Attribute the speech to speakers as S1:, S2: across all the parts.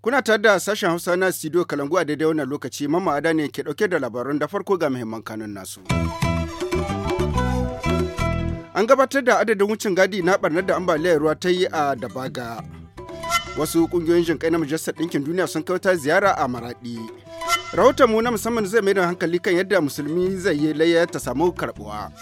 S1: Kuna tare da sashen Hausa na studio Kalangu a daidai wannan lokaci mamma ada ne ke dauke da labarun da farko ga muhimman kanun nasu. An gabatar da adadin wucin gadi na barnar da ambaliyar ruwa ta yi a Dabaga. Wasu kungiyoyin jinkai na Majalisar Ɗinkin Duniya sun ta ziyara a Maraɗi. rahoton mu na musamman zai mai da hankali kan yadda musulmi zai yi layya ta samu karbuwa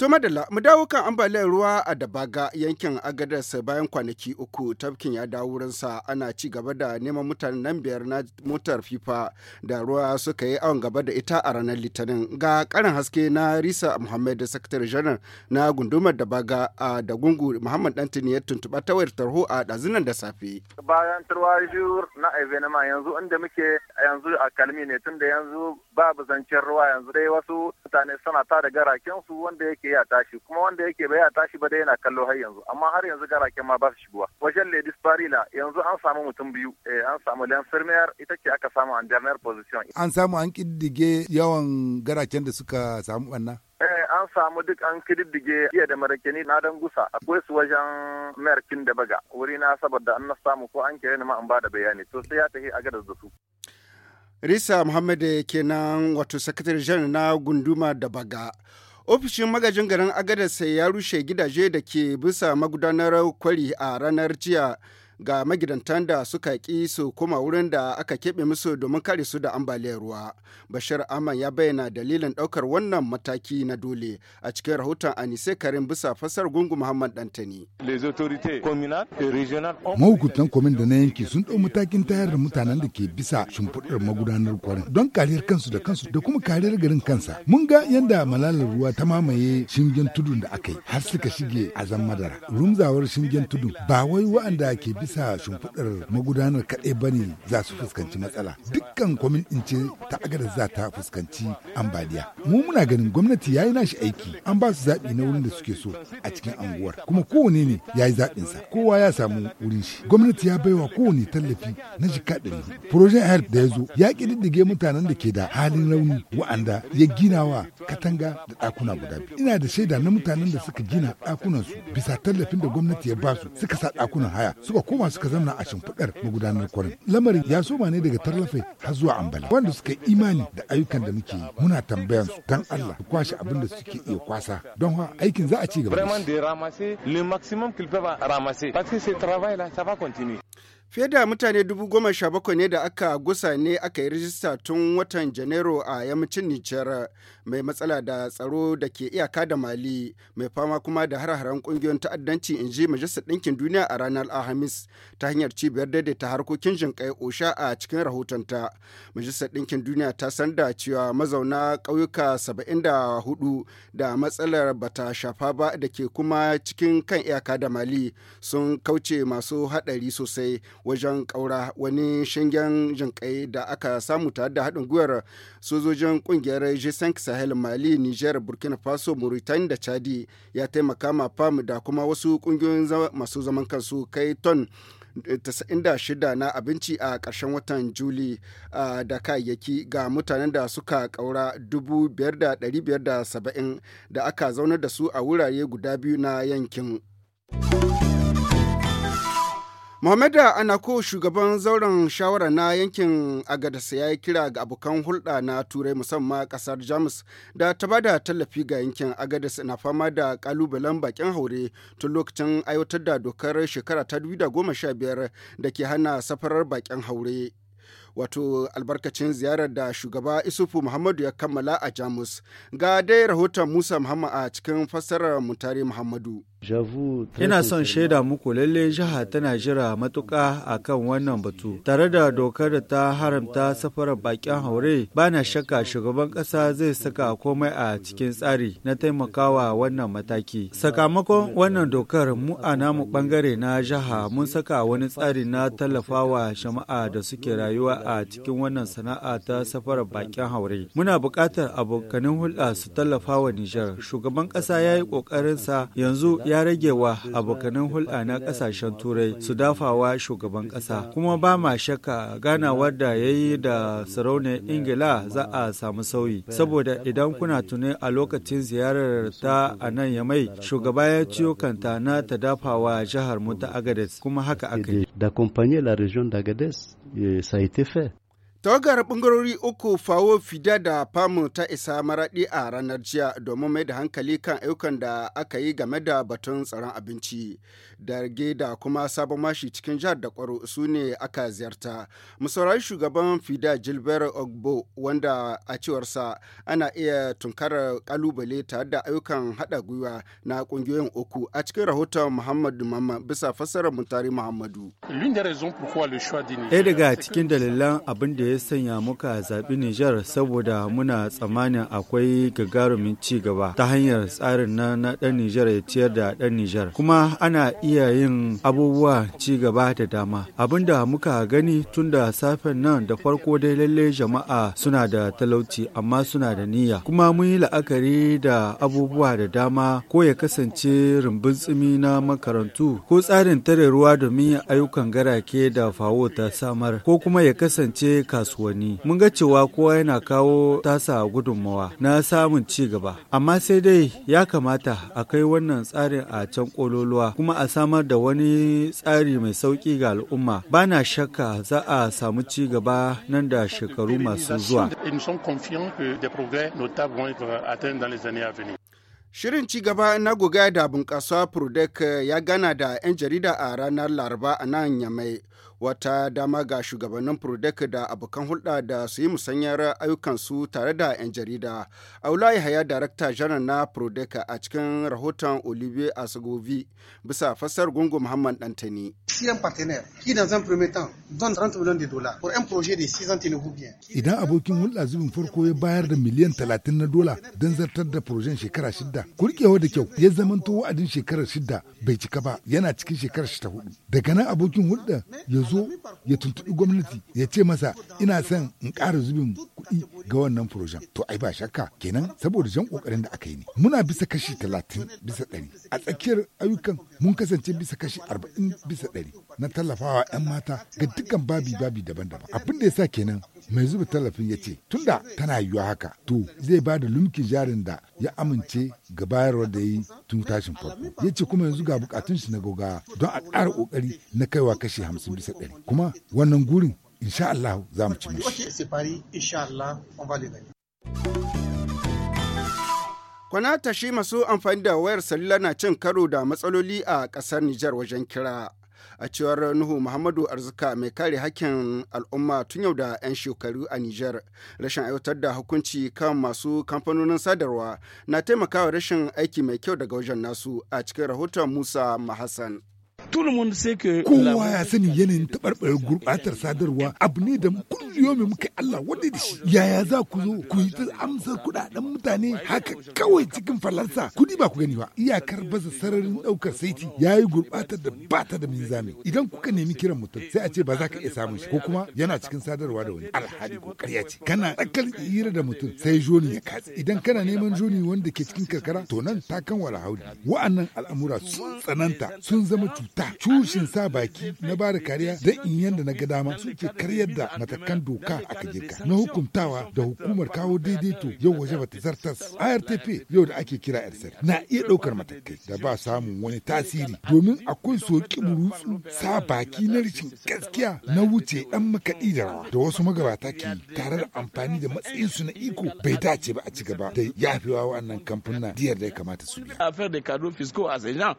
S1: To madalla mu dawo kan ambaliyar ruwa a Dabaga yankin Agadas bayan kwanaki uku tafkin ya dawo wurinsa ana ci gaba da neman mutanen nan biyar na motar FIFA da ruwa suka yi awon gaba da ita a ranar Litinin. Ga karin haske na Risa Muhammad Sakatare Janar na gundumar Dabaga a Dagungu Muhammad Dantini ya tuntuɓa ta wayar tarho a ɗazunan da safe.
S2: Bayan turwajur na Evenema yanzu inda muke yanzu a Kalmi ne tunda yanzu babu zancen ruwa yanzu dai wasu mutane suna ta da su wanda yake ya tashi kuma wanda yake bai ya tashi ba dai yana kallo har yanzu amma har yanzu garaken ma ba su shigowa wajen ladies barila yanzu an samu mutum biyu eh, an samu lansirmiyar ita ce aka samu an dernier position an samu an
S3: kiddige yawan garaken da suka samu banna
S2: eh, an samu duk an kididdige iya da marakini na dan gusa akwai su wajen merkin da baga wuri na saboda an na samu ko an kere ma an ba da bayani to sai ya tafi a gadar da su
S1: Risa Muhammad kenan wato sakatare jan na gunduma da baga. Ofishin magajin garin Agadez ya rushe gidaje da ke bisa magudanar kwari a ranar jiya ga magidantan da suka ƙi su kuma wurin da aka keɓe musu domin kare su da ambaliyar ruwa. Bashir Aman ya bayyana dalilin ɗaukar wannan mataki na dole a cikin rahoton Anise Karim bisa fasar gungu Muhammad Dantani.
S3: Mahukuntan kwamin da na yanki sun ɗau matakin tayar da mutanen da ke bisa shimfiɗar magudanar kwarin don kariyar kansu da kansu da kuma kariyar garin kansa. Mun ga yadda malalar ruwa ta mamaye shingen tudun da aka yi har suka shige a zan madara. Rumzawar shingen tudun ba wai wa'anda ke bisa sa shimfiɗar magudanar kaɗai ba ne za su fuskanci matsala dukkan kwamin ce ta agada za ta fuskanci ambaliya mu muna ganin gwamnati ya yi nashi aiki an ba su zaɓi na wurin da suke so a cikin anguwar kuma kowane ne ya yi sa kowa ya samu wurin shi gwamnati ya baiwa kowane tallafi na jika ɗari projet help da ya zo ya ƙididdige mutanen da ke da halin rauni wa'anda ya gina wa katanga da ɗakuna guda biyu ina da shaida na mutanen da suka gina ɗakunansu bisa tallafin da gwamnati ya ba su suka sa ɗakunan haya suka ko koma suka zamna a shimfiɗar magudanar kwarin. Lamarin ya soma ne daga tarlafe har zuwa ambala. Wanda suka imani da ayyukan da muke yi muna tambayan su dan Allah su kwashe abin da suke iya kwasa don ha aikin
S2: za a ci gaba. Vraiment de ramasser le maximum qu'ils peuvent ramasser parce que ce travail là ça va continuer.
S1: Fiye da mutane dubu goma sha bakwai ne da aka gusa ne aka yi rijista tun watan Janairu a yammacin Nijar mai matsala da tsaro da ke iyaka da Mali mai fama kuma da har-haren kungiyoyin ta'addanci in ji Majalisar Ɗinkin Duniya a ranar Alhamis ta hanyar cibiyar daidaita harkokin jinƙai OSHA a cikin rahotonta. Majalisar Ɗinkin Duniya ta san da cewa mazauna ƙauyuka saba'in da hudu da matsalar bata shafa ba da ke kuma cikin kan iyaka da Mali sun kauce masu haɗari sosai wajen kaura wani shingen jinƙai da aka samu tare da haɗin gwiwar sojojin ƙungiyar g sahel mali niger burkina faso mauritania da chadi ya taimaka ma fam da kuma wasu ƙungiyoyin masu zaman kansu kai ton 96 eh, na abinci a ƙarshen watan juli ah, da kayayyaki ga mutanen da suka ƙaura 5,570 da aka zaunar da su a wurare guda biyu na yankin. Muhammadu ko shugaban zauren shawara na yankin Agadas ya yi kira ga abokan hulɗa na Turai musamman ƙasar Jamus da ta bada tallafi ga yankin Agadas na fama da ƙalubalen bakin haure tun lokacin aiwatar da dokar shekara ta 2015 da ke hana safarar bakin haure. Wato albarkacin ziyarar da shugaba Isufu Muhammadu ya kammala a Jamus. Ga dai rahoton Musa Muhammad a cikin fassarar Mutare Muhammadu.
S2: Ina son shaida muku lalle jiha tana jira matuƙa a kan wannan batu. Tare da dokar da ta haramta safarar bakin haure, ba na shakka shugaban kasa zai saka komai a cikin tsari na taimakawa wannan mataki. Sakamakon wannan dokar mu a namu ɓangare na jiha mun saka wani tsari na tallafawa jama'a da suke rayuwa a cikin wannan sana'a ta safarar bakin haure. Muna buƙatar abokanin hulɗa su tallafawa Nijar. Shugaban kasa ya yi ƙoƙarinsa yanzu ya rage wa abokanan hulɗa na ƙasashen turai su dafawa shugaban ƙasa kuma ba ma shakka ganawar da ya yi da sarauniyar ingila za a samu sauyi saboda idan kuna tuni a lokacin ziyarar ta a nan ya mai shugaba ya ciyo kanta na ta dafawa jihar mu ta agades kuma haka aka yi. tawagar bangarori uku fawo
S1: fida da famu ta isa maraɗi a ranar jiya domin mai da hankali kan ayyukan da aka yi game da batun tsaron abinci da rage da kuma sabon mashi cikin jihar da kwaro su ne aka ziyarta musaurari shugaban fida gilbert ogbo wanda a cewarsa ana iya tunkarar kalubale tare da ayyukan haɗa gwiwa na ƙungiyoyin uku a cikin rahoton muhammadu mamman bisa fassarar mutari muhammadu
S2: ɗaya daga cikin dalilan abin da ya sanya muka zaɓi Nijar saboda muna tsammanin akwai gagarumin ci gaba ta hanyar tsarin na na ɗan Nijar ya ciyar da ɗan Nijar. Kuma ana iya yin abubuwa ci gaba da dama. Abinda muka gani tun da safen nan da farko dai lalle jama'a suna da talauci amma suna da niyya. Kuma mun yi la'akari da abubuwa da dama ko ya kasance rumbun tsimi na makarantu ko tsarin tare ruwa domin ayyukan garake da fawo ta samar ko kuma ya kasance ka kasuwanni mun ga cewa kowa yana kawo tasa gudunmawa na samun ci gaba amma sai dai ya kamata a kai wannan tsarin a can kololuwa kuma a samar da wani tsari mai sauki ga al'umma ba na shakka za a samu ci gaba nan da shekaru masu zuwa
S1: Shirin ci gaba na guga da bunƙasa Prodec ya gana da 'yan jarida a ranar Laraba a nan Yamai. wata dama ga shugabannin Prodec da abokan hulɗa da su yi musanyar ayyukansu tare da 'yan jarida. Aula Yahaya Darakta Janar na Prodec a cikin rahoton Olivier Asagovi bisa fassar Gungu Muhammad Dantani.
S3: Idan abokin hulɗa zubin farko ya bayar da miliyan talatin na dola don zartar da projen shekara shida, kurkewa da kyau ya zamanto wa'adin shekarar shida bai cika ba yana cikin shekarar shida hudu. Daga nan abokin hulɗa ya zo ya tuntuɓi gwamnati ya ce masa ina son in ƙara zubin kuɗi ga wannan furoshen to ai ba shakka kenan saboda jan ƙoƙarin da aka yi ne muna bisa kashi talatin bisa ɗari a tsakiyar ayyukan mun kasance bisa kashi arba'in bisa ɗari na tallafawa 'yan mata ga dukkan babi babi daban-daban abin da ya sa kenan mai zuba tallafin ya ce tun da tana yiwuwa haka to zai ba da lumkin jarin da ya amince ga bayarwa da yi tun tashin farko ya ce kuma yanzu ga bukatun shi na goga don a ƙara ƙoƙari na kaiwa kashe hamsin bisa ɗari kuma wannan gurin insha Allah za mu ci
S2: mashi.
S1: Kwana ta shi masu amfani da wayar salula na cin karo da matsaloli a ƙasar Nijar wajen kira. a cewar nuhu muhammadu arzika mai kare hakkin al'umma tun yau da 'yan shekaru a Nijar, rashin aiwatar da hukunci kan masu kamfanonin sadarwa na taimakawa rashin aiki mai kyau daga wajen nasu a cikin rahoton musa mahassan
S3: kowa ya sani yanayin tabarbar gurbatar sadarwa abu ne da mun muka Allah wanda da shi yaya za ku zo ku yi ta amsar kuɗaɗen mutane haka kawai cikin falarsa kudi ba ku gani ba iyakar baza sararin ɗaukar saiti yayi gurbatar da bata da mizani idan kuka nemi kiran mutum sai a ce ba za ka iya samun shi ko kuma yana cikin sadarwa da wani alhali ko ƙarya ce kana tsakar hira da mutum sai joni ya katse idan kana neman joni wanda ke cikin karkara to nan ta kan wala hauli wa'annan al'amura sun tsananta sun zama cuta ta cushin sa baki na ba da kariya don in yanda na ga dama suke karyar da matakan doka aka girka na hukuntawa da hukumar kawo daidaito yau waje bata zartas ARTP yau da ake kira ersel na iya ɗaukar matakai da ba samun wani tasiri domin akwai soki burutsu sa baki na rashin gaskiya na wuce ɗan makaɗi da rawa da wasu magabata ke tare da amfani da matsayin su na
S1: iko bai dace ba a ci gaba da yafewa wannan kamfanin diyar da ya kamata su biya.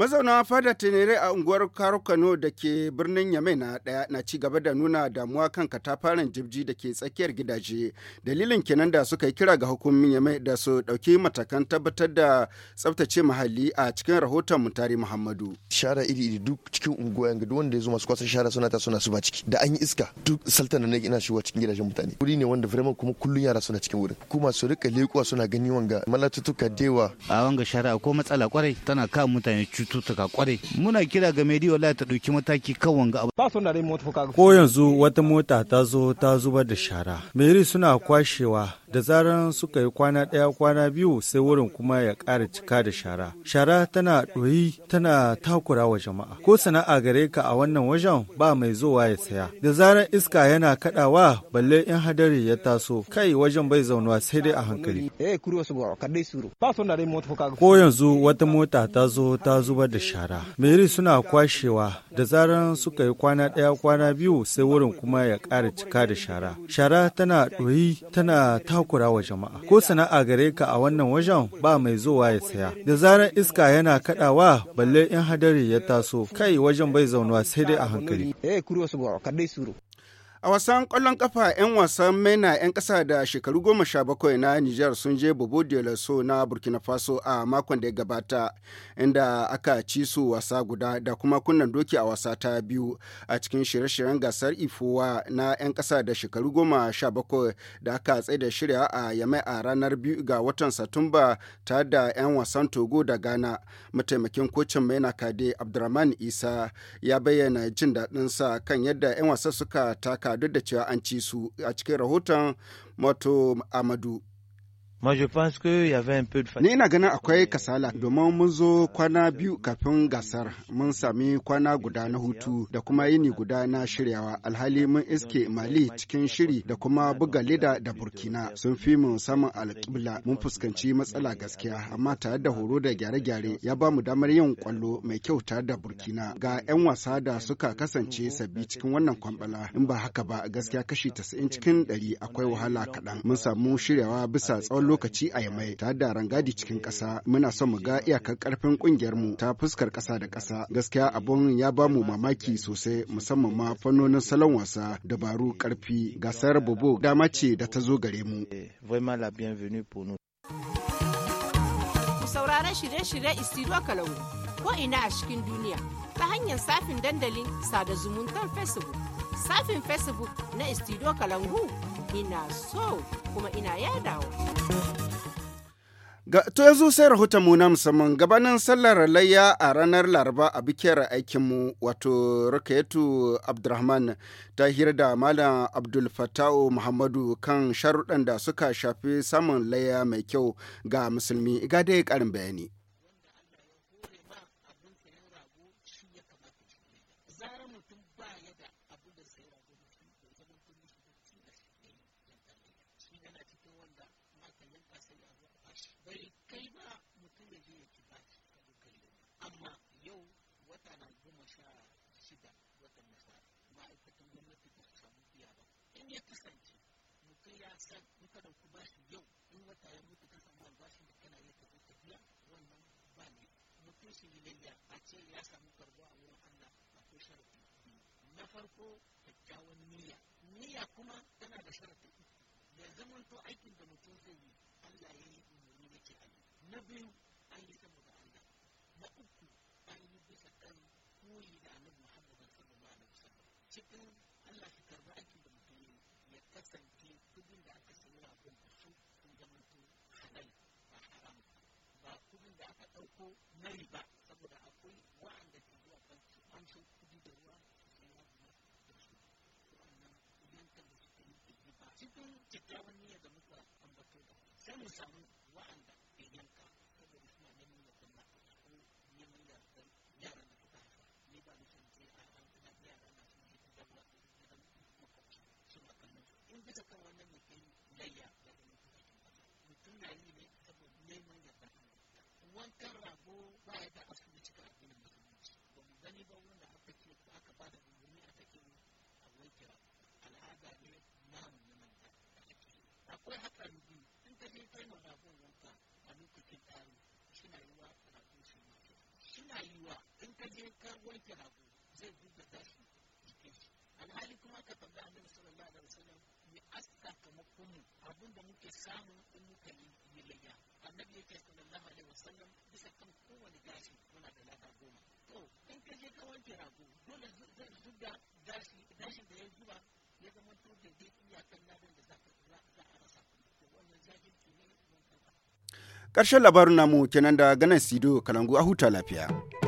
S1: Mazauna fada Tenere a unguwar kano da ke birnin Yamai na daya na ci gaba da nuna damuwa kan katafaren jibji da ke tsakiyar gidaje. Dalilin kenan da suka yi kira ga hukumin Yamai da su dauki matakan tabbatar da tsaftace muhalli a cikin rahoton Mutari Muhammadu. Shara iri iri duk cikin unguwa yanga duk wanda ya zo masu kwasan shara suna ta suna ba ciki da an yi iska duk saltana na ina shigowa cikin gidajen mutane. Wuri ne wanda vraiment kuma kullun yara
S2: suna cikin wurin. Kuma
S1: su rika lekuwa suna gani wanga malatutuka dewa. A
S2: wanga shara ko matsala kwarai tana kan mutane cutu. cututtuka kwarai muna kira ga mai ta ɗauki mataki kan wanga abu ko yanzu wata mota ta zo ta zubar da shara meri suna kwashewa da zaran suka yi kwana ɗaya kwana biyu sai wurin kuma ya ƙara cika da shara shara tana ɗoyi tana takura wa jama'a ko sana'a gare ka a wannan wajen ba mai zuwa ya saya da zaran iska yana kaɗawa balle in hadari ya taso kai wajen bai zaunuwa sai dai a hankali eh, ko yanzu wata mota ta zo ta zubar da shara meri suna kwashewa da zaran suka yi kwana ɗaya kwana biyu sai wurin kuma ya ƙara cika da shara shara tana ɗoyi tana hakura wa jama'a ko sana'a gare ka a wannan wajen ba mai zuwa ya saya da zarar iska yana kadawa balle in hadari ya taso kai wajen bai zaunuwa sai dai a hankali eh,
S1: A wasan kwallon kafa 'yan wasan maina 'yan kasa da shekaru goma sha bakwai na Nijar sun je Bobo so na Burkina Faso a makon da ya gabata, inda aka ci su wasa guda da kuma kunnan doki a wasa ta biyu a cikin shirye-shiryen gasar ifowa na 'yan kasa da shekaru goma sha bakwai da aka da shirya a Yamai a ranar biyu ga watan Satumba ta da 'yan wasan Togo da Ghana. Mataimakin kocin maina Kade abdulrahman Isa ya bayyana jin daɗinsa kan yadda 'yan wasa suka taka duk da cewa an ci su a cikin rahoton Mato Amadu. Ni ina ganin akwai kasala domin mun zo kwana biyu kafin gasar mun sami kwana guda na hutu da kuma yini guda na shiryawa alhali mun iske Mali cikin shiri da kuma buga leda da Burkina sun fi mu samun alƙibla mun fuskanci matsala gaskiya amma tare da horo da gyare-gyare ya ba mu damar yin kwallo mai kyau tare da Burkina ga 'yan wasa da suka kasance sabbi cikin wannan kwambala in ba haka ba gaskiya kashi 90 cikin 100 akwai wahala kaɗan mun samu shiryawa bisa tsawon lokaci a yamai ta da rangadi cikin ƙasa muna son mu ga iyakar ƙarfin ƙungiyar mu ta fuskar ƙasa da ƙasa gaskiya abun ya ba mu mamaki sosai musamman ma fannonin salon wasa dabaru ƙarfi gasar bobo dama ce da ta zo gare mu.
S4: sauraron shirye-shirye istiro kalau ko ina a cikin duniya ta hanyar safin dandalin sada zumuntar facebook safin facebook na istido kalangu ina so kuma ina yadawa.
S1: Ga, to yanzu sai rahoton mu na musamman gabanin sallar layya a ranar laraba a bikiyar aikinmu wato rukayatu abdulrahman ta hira da malam abdul muhammadu kan sharuɗan da suka shafi samun layya mai kyau ga musulmi ga dai ƙarin bayani
S4: goma sha shida watan nasa ma'aikatan gwamnati ba su samu biya ba in ya kasance mutum ya san muka dauku ba shi yau in wata ya mutu ka samu albashin da kana iya tafi tafiya wannan ba ne mutum shi biyayya a ce ya samu karbo a wurin Allah ko sharafi na farko kyakkyawan niyya niyya kuma tana da sharafi ya zamanto aikin da mutum zai yi Allah ya yi umarni yake ayi na biyu an yi saboda Allah na uku an yi bisa kan كل اللي عملوا محمد بنصر الله عليه وسلم شكرا الله في تربائك المسلمين يتسم في كل دعاك سنوى عبد الرسول في جمعته حلال وحرام وكل دعاك توقو مريبا صبر أقول وعند تجوى فانسو فانسو كل دعوى سنوى عبد الرسول وانا اليوم كان بسيطين في الجبع شكرا تتعوني يا جمعته أمبكي سنو سنو وعند இந்துக்க ஒன்றும் இல்லையா tunani ne saboda neman yadda wankan rago ba ya da asali cikin addinin musulunci ba mu gani ba wanda aka ce aka ba da umarni a take a wanke al'ada ne namu na manta akwai haka biyu in ka je kai ma ragon wanka a lokacin taro suna yi wa rago shi wanke suna yi wa in ka je ka wanke rago zai duba tashi jikin shi alhali kuma ka tambaya annabi sallallahu alaihi wasallam mu aska kamakon mu abin da muke samu in muka yi yilayya annabi yake sallallahu alaihi wasallam bisa kan kowane gashi muna da lada goma to in ka je ka wanke rago dole zai zuga gashi gashi da ya zuba ya zama to da dai iyakan ladan da
S1: za a rasa to wannan jahilci ne mun karshen labarin namu kenan da ganin sido kalangu a huta lafiya.